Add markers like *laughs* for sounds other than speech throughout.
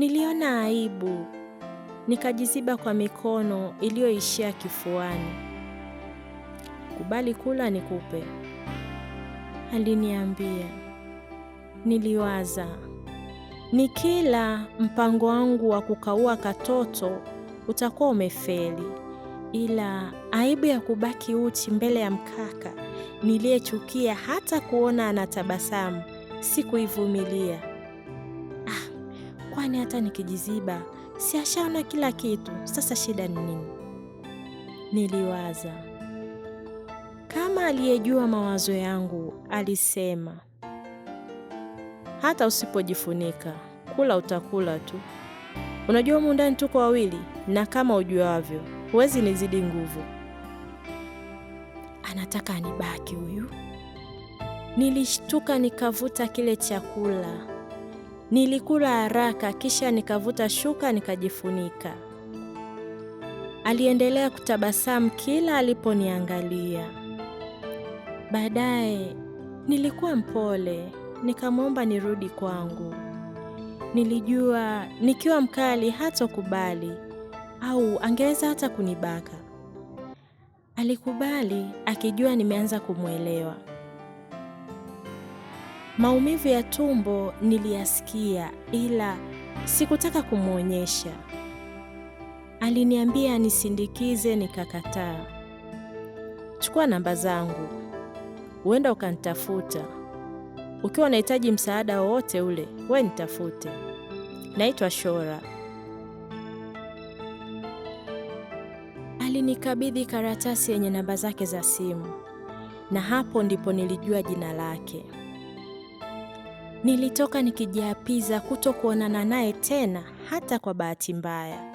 Niliona aibu, nikajiziba kwa mikono iliyoishia kifuani. Kubali kula nikupe, aliniambia. Niliwaza, nikila mpango wangu wa kukaua katoto utakuwa umefeli, ila aibu ya kubaki uchi mbele ya mkaka niliyechukia hata kuona anatabasamu sikuivumilia kwani hata nikijiziba siashaona kila kitu. Sasa shida ni nini? Niliwaza. Kama aliyejua mawazo yangu alisema, hata usipojifunika kula utakula tu. Unajua humu ndani tuko wawili, na kama ujuavyo huwezi nizidi nguvu. Anataka anibaki huyu. Nilishtuka, nikavuta kile chakula Nilikula haraka kisha nikavuta shuka nikajifunika. Aliendelea kutabasamu kila aliponiangalia. Baadaye nilikuwa mpole, nikamwomba nirudi kwangu. Nilijua nikiwa mkali hatokubali au angeweza hata kunibaka. Alikubali akijua nimeanza kumwelewa. Maumivu ya tumbo niliyasikia, ila sikutaka kumwonyesha. Aliniambia nisindikize, nikakataa. Chukua namba zangu, huenda ukanitafuta ukiwa unahitaji msaada wowote ule, we nitafute. Naitwa Shora. Alinikabidhi karatasi yenye namba zake za simu, na hapo ndipo nilijua jina lake. Nilitoka nikijiapiza kutokuonana naye tena hata kwa bahati mbaya.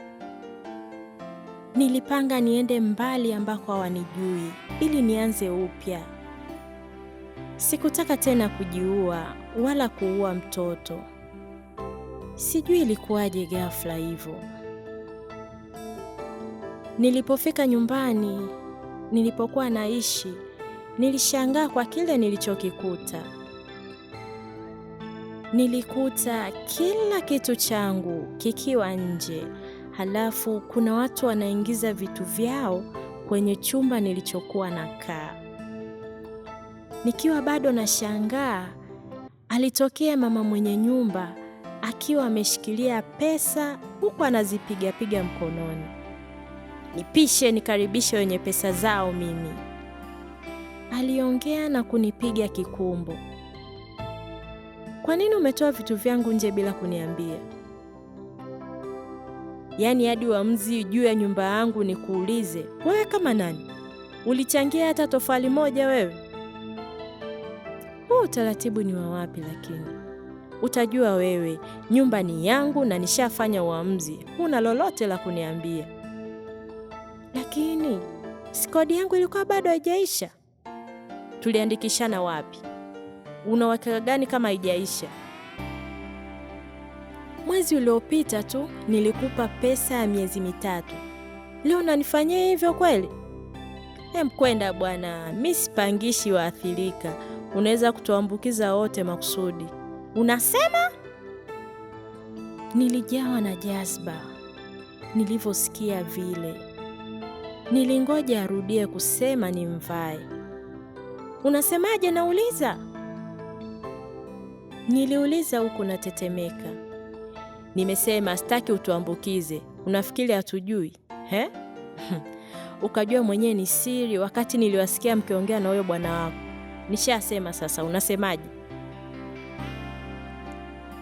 Nilipanga niende mbali ambako hawanijui ili nianze upya. Sikutaka tena kujiua wala kuua mtoto. Sijui ilikuwaje ghafla hivyo. Nilipofika nyumbani nilipokuwa naishi, nilishangaa kwa kile nilichokikuta nilikuta kila kitu changu kikiwa nje. Halafu kuna watu wanaingiza vitu vyao kwenye chumba nilichokuwa nakaa. Nikiwa bado nashangaa, alitokea mama mwenye nyumba akiwa ameshikilia pesa huku anazipigapiga mkononi. Nipishe nikaribishe wenye pesa zao mimi, aliongea na kunipiga kikumbo. Kwa nini umetoa vitu vyangu nje bila kuniambia? Yaani hadi uamuzi juu ya nyumba yangu nikuulize wewe, kama nani? Ulichangia hata tofali moja wewe? Huu utaratibu ni wa wapi? Lakini utajua wewe, nyumba ni yangu na nishafanya uamuzi. Huna lolote la kuniambia. Lakini sikodi yangu ilikuwa bado haijaisha? Tuliandikishana wapi? una uhakika gani kama haijaisha? Mwezi uliopita tu nilikupa pesa ya miezi mitatu, leo unanifanyia hivyo kweli? emkwenda bwana, mi sipangishi waathirika, unaweza kutuambukiza wote makusudi. Unasema? Nilijawa na jazba nilivyosikia vile, nilingoja arudie kusema nimvae. Unasemaje? Nauliza. Niliuliza huku natetemeka. Nimesema sitaki utuambukize, unafikiri hatujui he? *laughs* Ukajua mwenyewe ni siri, wakati niliwasikia mkiongea na huyo bwana wako. Nishasema sasa, unasemaje?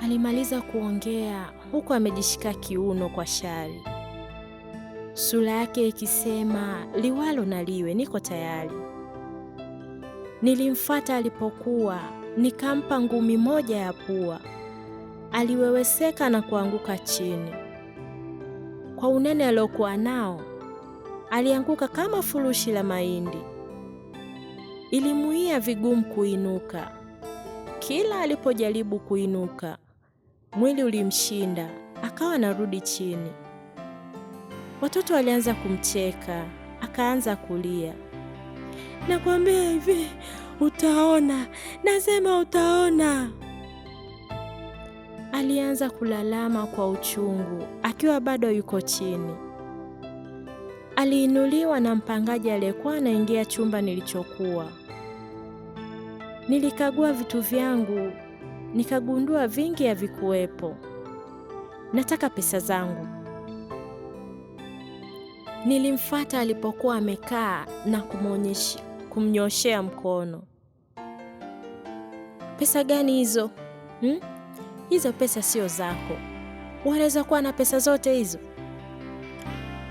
Alimaliza kuongea huku amejishika kiuno kwa shari, sura yake ikisema liwalo na liwe, niko tayari. Nilimfuata alipokuwa nikampa ngumi moja ya pua. Aliweweseka na kuanguka chini. Kwa unene aliokuwa nao, alianguka kama furushi la mahindi. Ilimuia vigumu kuinuka. Kila alipojaribu kuinuka, mwili ulimshinda, akawa narudi chini. Watoto walianza kumcheka, akaanza kulia. Nakwambia hivi utaona, nasema utaona. Alianza kulalama kwa uchungu akiwa bado yuko chini. Aliinuliwa na mpangaji aliyekuwa anaingia chumba nilichokuwa. Nilikagua vitu vyangu, nikagundua vingi havikuwepo. Nataka pesa zangu. Nilimfuata alipokuwa amekaa na kumwonyesha kumnyoshea mkono. Pesa gani hizo hmm? Hizo pesa sio zako, wanaweza kuwa na pesa zote hizo,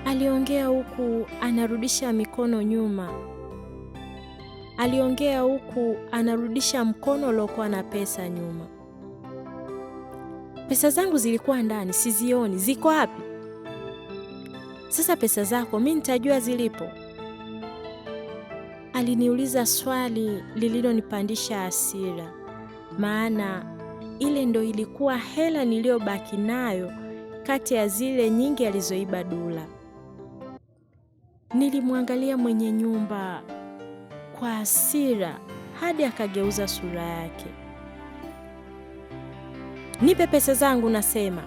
aliongea huku anarudisha mikono nyuma. Aliongea huku anarudisha mkono uliokuwa na pesa nyuma. Pesa zangu zilikuwa ndani, sizioni. Ziko wapi? Sasa pesa zako mi nitajua zilipo. Aliniuliza swali lililonipandisha hasira, maana ile ndo ilikuwa hela niliyobaki nayo kati ya zile nyingi alizoiba Dula. Nilimwangalia mwenye nyumba kwa hasira hadi akageuza sura yake. Nipe pesa zangu, nasema,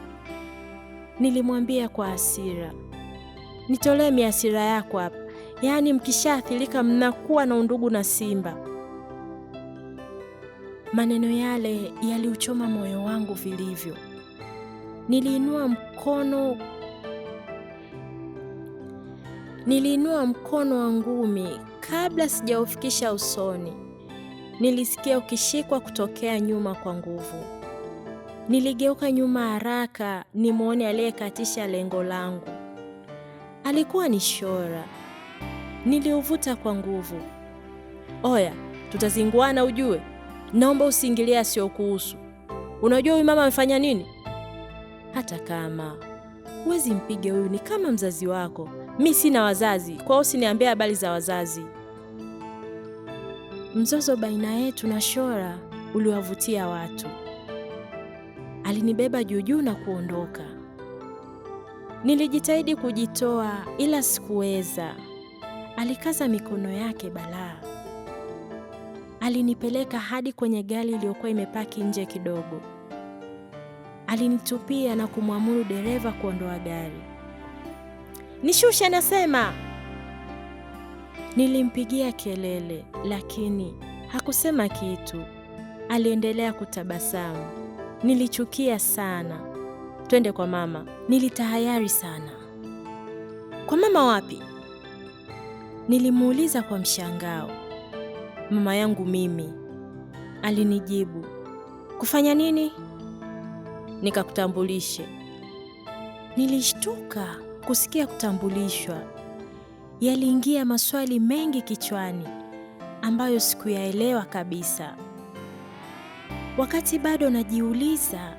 nilimwambia kwa hasira. Nitolee miasira yako hapa yaani mkishaathirika mnakuwa na undugu na simba. Maneno yale yaliuchoma moyo wangu vilivyo. Niliinua mkono niliinua mkono wa ngumi kabla sijaufikisha usoni, nilisikia ukishikwa kutokea nyuma kwa nguvu. Niligeuka nyuma haraka nimwone aliyekatisha lengo langu. Alikuwa ni Shora, Niliuvuta kwa nguvu. Oya, tutazinguana ujue. Naomba usiingilie asiyokuhusu. Unajua huyu mama amefanya nini? Hata kama huwezi mpige huyu, ni kama mzazi wako. Mi sina wazazi, kwa hiyo usiniambie habari za wazazi. Mzozo baina yetu na Shora uliwavutia watu. Alinibeba juujuu na kuondoka. Nilijitahidi kujitoa, ila sikuweza. Alikaza mikono yake balaa. Alinipeleka hadi kwenye gari iliyokuwa imepaki nje kidogo. Alinitupia na kumwamuru dereva kuondoa gari. Nishushe nasema! Nilimpigia kelele, lakini hakusema kitu. Aliendelea kutabasamu. Nilichukia sana. Twende kwa mama. Nilitahayari sana. Kwa mama wapi? Nilimuuliza kwa mshangao, mama yangu mimi? Alinijibu, kufanya nini? Nikakutambulishe. Nilishtuka kusikia kutambulishwa. Yaliingia maswali mengi kichwani ambayo sikuyaelewa kabisa. Wakati bado najiuliza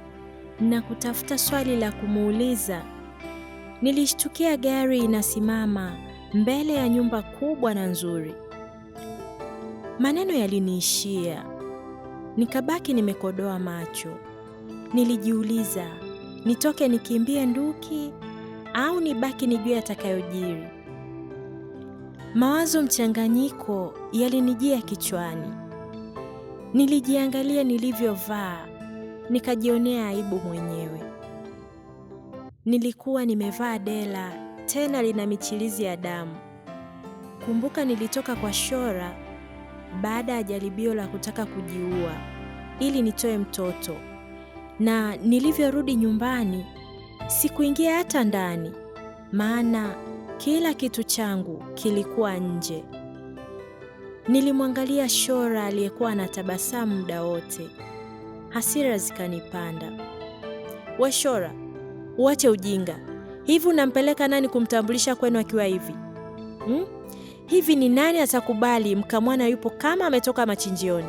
na kutafuta swali la kumuuliza, nilishtukia gari inasimama mbele ya nyumba kubwa na nzuri. Maneno yaliniishia, nikabaki nimekodoa macho. Nilijiuliza, nitoke nikimbie nduki au nibaki nijue atakayojiri. Mawazo mchanganyiko yalinijia kichwani. Nilijiangalia nilivyovaa, nikajionea aibu mwenyewe. Nilikuwa nimevaa dela tena lina michirizi ya damu. Kumbuka nilitoka kwa Shora baada ya jaribio la kutaka kujiua ili nitoe mtoto, na nilivyorudi nyumbani sikuingia hata ndani, maana kila kitu changu kilikuwa nje. Nilimwangalia Shora aliyekuwa tabasamu muda wote, hasira zikanipanda. We Shora, uache ujinga, Hivi unampeleka nani kumtambulisha kwenu akiwa hivi hmm? Hivi ni nani atakubali mkamwana yupo kama ametoka machinjioni?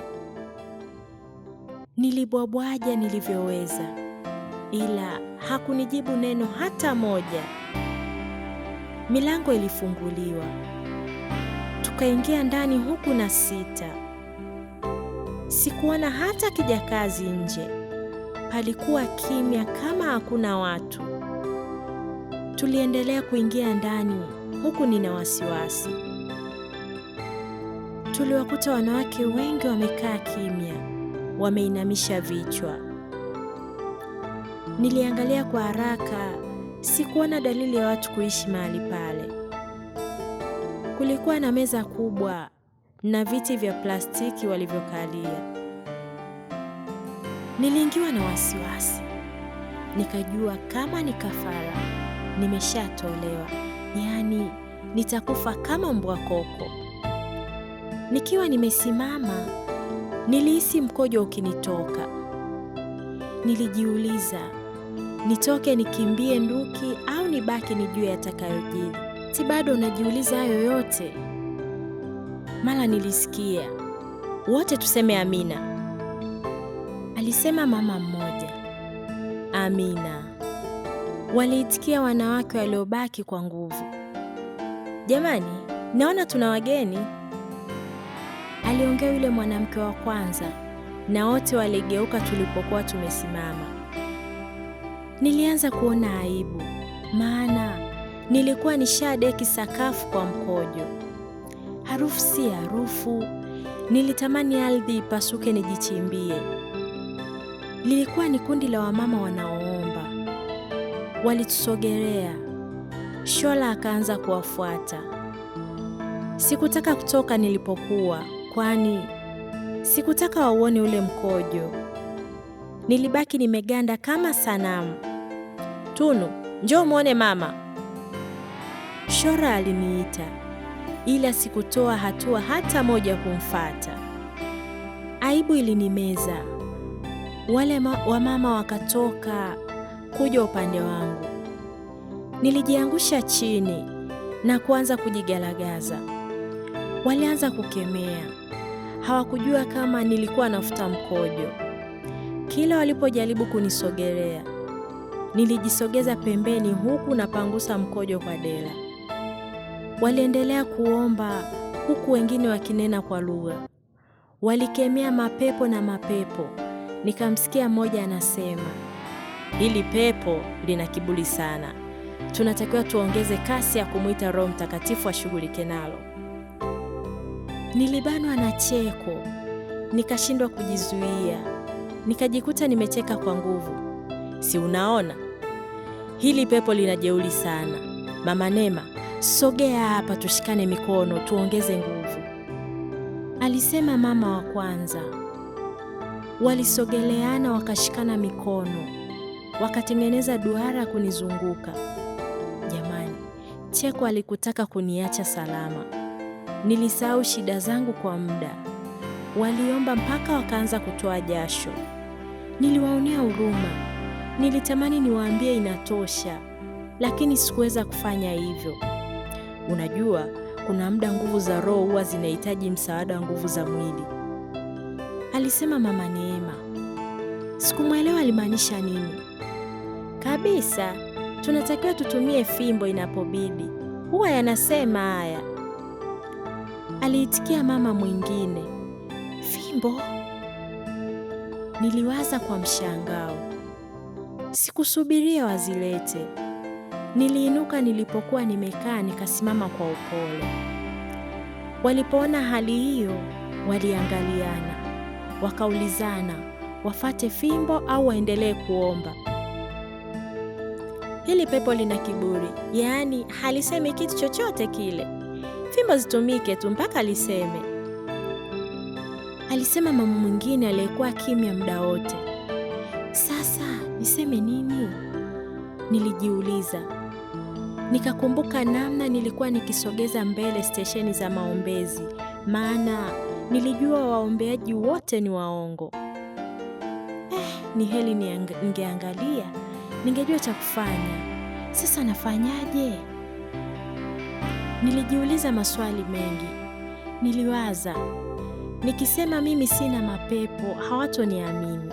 Nilibwabwaja nilivyoweza, ila hakunijibu neno hata moja. Milango ilifunguliwa, tukaingia ndani huku na sita. Sikuona hata kijakazi nje, palikuwa kimya kama hakuna watu. Tuliendelea kuingia ndani huku nina wasiwasi. Tuliwakuta wanawake wengi wamekaa kimya, wameinamisha vichwa. Niliangalia kwa haraka, sikuona dalili ya watu kuishi mahali pale. Kulikuwa na meza kubwa na viti vya plastiki walivyokalia. Niliingiwa na wasiwasi, nikajua kama ni kafara nimeshatolewa, yaani nitakufa kama mbwa koko. Nikiwa nimesimama, nilihisi mkojo ukinitoka. Nilijiuliza, nitoke nikimbie nduki au nibaki nijue yatakayojiri? Si bado unajiuliza hayo yote? Mara nilisikia wote tuseme Amina, alisema mama mmoja. Amina waliitikia wanawake waliobaki kwa nguvu. Jamani, naona tuna wageni, aliongea yule mwanamke wa kwanza, na wote waligeuka tulipokuwa tumesimama. Nilianza kuona aibu, maana nilikuwa nishadeki sakafu kwa mkojo. Harufu si harufu, nilitamani ardhi ipasuke nijichimbie. Lilikuwa ni kundi la wamama wanao walitusogelea. Shola akaanza kuwafuata. Sikutaka kutoka nilipokuwa, kwani sikutaka wauone ule mkojo. Nilibaki nimeganda kama sanamu. Tunu, njoo mwone mama, Shora aliniita, ila sikutoa hatua hata moja kumfata. Aibu ilinimeza. Wale ma wamama wakatoka kuja upande wangu. Nilijiangusha chini na kuanza kujigalagaza. Walianza kukemea, hawakujua kama nilikuwa nafuta mkojo. Kila walipojaribu kunisogelea, nilijisogeza pembeni, huku napangusa mkojo kwa dela. Waliendelea kuomba, huku wengine wakinena kwa lugha. Walikemea mapepo na mapepo, nikamsikia mmoja anasema Hili pepo lina kiburi sana. Tunatakiwa tuongeze kasi ya kumwita Roho Mtakatifu ashughulike nalo. Nilibanwa na cheko, nikashindwa kujizuia, nikajikuta nimecheka kwa nguvu. Si unaona, hili pepo lina jeuri sana. Mama Nema, sogea hapa, tushikane mikono, tuongeze nguvu, alisema mama wa kwanza. Walisogeleana wakashikana mikono wakatengeneza duara kunizunguka. Jamani, Cheko alikutaka kuniacha salama. Nilisahau shida zangu kwa muda. Waliomba mpaka wakaanza kutoa jasho. Niliwaonea huruma, nilitamani niwaambie inatosha, lakini sikuweza kufanya hivyo. Unajua, kuna muda nguvu za roho huwa zinahitaji msaada wa nguvu za mwili, alisema mama Neema. Sikumwelewa alimaanisha nini, kabisa. Tunatakiwa tutumie fimbo inapobidi, huwa yanasema haya, aliitikia mama mwingine. Fimbo? Niliwaza kwa mshangao, sikusubiria wazilete. Niliinuka nilipokuwa nimekaa, nikasimama kwa upole. Walipoona hali hiyo, waliangaliana, wakaulizana wafate fimbo au waendelee kuomba. Hili pepo lina kiburi, yaani halisemi kitu chochote kile. Fimbo zitumike tu mpaka aliseme alisema mama mwingine aliyekuwa kimya muda wote. Sasa niseme nini? Nilijiuliza, nikakumbuka namna nilikuwa nikisogeza mbele stesheni za maombezi, maana nilijua waombeaji wote ni waongo. Eh, ni heli ningeangalia ningejua cha kufanya. Sasa nafanyaje? Nilijiuliza maswali mengi, niliwaza, nikisema mimi sina mapepo hawatoniamini.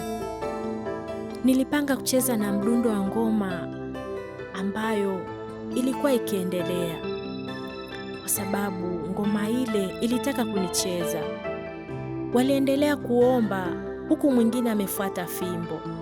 Nilipanga kucheza na mdundo wa ngoma ambayo ilikuwa ikiendelea, kwa sababu ngoma ile ilitaka kunicheza. Waliendelea kuomba huku mwingine amefuata fimbo.